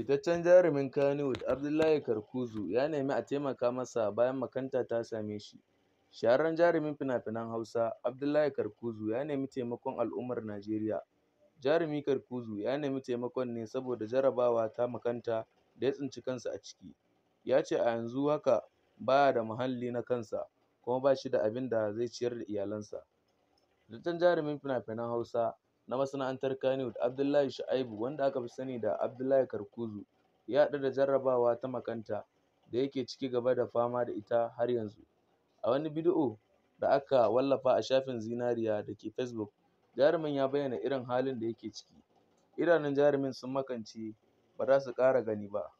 Fitaccen jarumin Kannywood Abdullahi Karkuzu ya nemi a taimaka masa bayan makanta ta same shi. Shahararren jarumin fina-finan Hausa Abdullahi Karkuzu ya nemi taimakon al'ummar Najeriya. Jarumi Karkuzu ya nemi taimakon ne saboda jarabawa ta makanta da ya tsinci kansa a ciki. Ya ce a yanzu haka ba da muhalli na kansa kuma ba shi da abin da zai ciyar da iyalansa. Fitaccen jarumin fina-finan Hausa na masana'antar Kannywood Abdullahi Shu'aibu wanda aka fi sani da Abdullahi Karkuzu ya haɗu da jarrabawa ta makanta da yake ciki gaba da fama da ita har yanzu. A wani bidiyo da aka wallafa a shafin Zinariya da ke Facebook, jarumin ya bayyana irin halin da yake ciki. Idanun jarumin sun makance ba za su ƙara gani ba.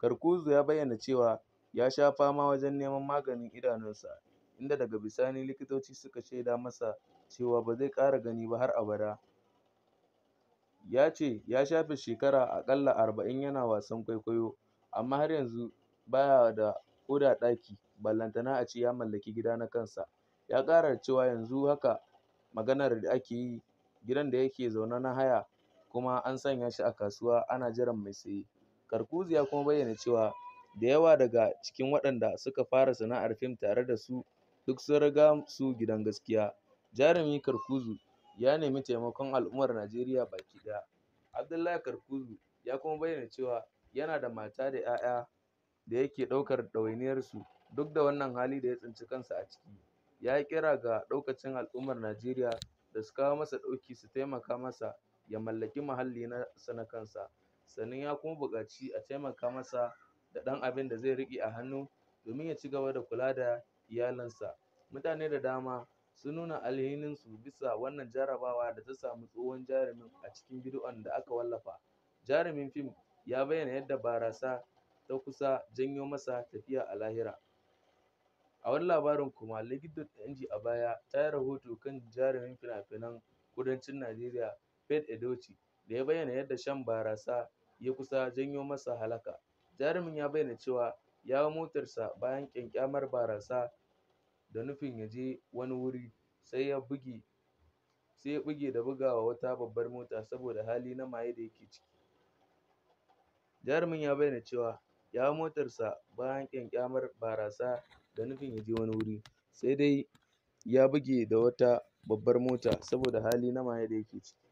Karkuzu ya bayyana cewa ya sha fama wajen neman maganin idanunsa, inda daga bisani likitoci suka shaida masa cewa ba zai ƙara gani ba har abada. Ya ce ya shafe shekara aƙalla arba'in yana wasan kwaikwayo, amma har yanzu ba ya da da ɗaki, ballantana a ce ya mallaki gida na kansa. Ya ƙara da cewa yanzu haka maganar da ake yi, gidan da yake zaune na haya kuma an sanya shi a kasuwa ana jiran mai saye. Karpuz ya kuma bayyana cewa da yawa daga cikin waɗanda suka fara sana'ar fim tare da su duk sun riga su gidan gaskiya. Jarumi Karkuzu ya nemi taimakon al'ummar Najeriya baki ɗaya. Abdullahi Karkuzu ya kuma bayyana cewa yana da mata da ‘ya'ya da yake ɗaukar ɗawainiyarsu duk da wannan hali da ya tsinci kansa a ciki. Ya yi kira ga ɗaukacin al'ummar Najeriya da su kawo masa ɗauki su taimaka masa ya mallaki muhalli sa na kansa. Sannan ya kuma buƙaci a taimaka masa da ɗan abin da zai riƙe a hannu domin ya ci gaba da kula da iyalinsa. Mutane da dama sun nuna alhininsu bisa wannan jarabawa da ta samu tsohon jarumin a cikin bidiyon da aka wallafa. Jarumin fim ya bayyana yadda barasa ta kusa janyo masa tafiya a lahira. A wani labarin kuma Legit.ng a baya ta yi rahoto kan jarumin fina-finan kudancin Najeriya Faith Edochi, da ya bayyana yadda shan barasa ya kusa janyo masa halaka. Jarumin ya bayyana cewa ya hau motarsa bayan ƙyanƙyamar barasa da nufin ya je wani wuri sai ya buge sai ya buge da bugawa wata babbar mota saboda hali na maye da yake ciki. Jarumin ya bayyana cewa ya hau motarsa bayan ƙyanƙyamar barasa da nufin ya je wani wuri, sai dai ya buge da wata babbar mota saboda hali na maye da yake ciki.